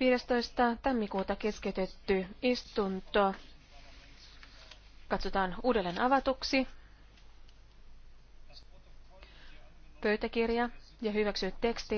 15. tammikuuta keskeytetty istunto katsotaan uudelleen avatuksi. Pöytäkirja ja hyväksyt tekstit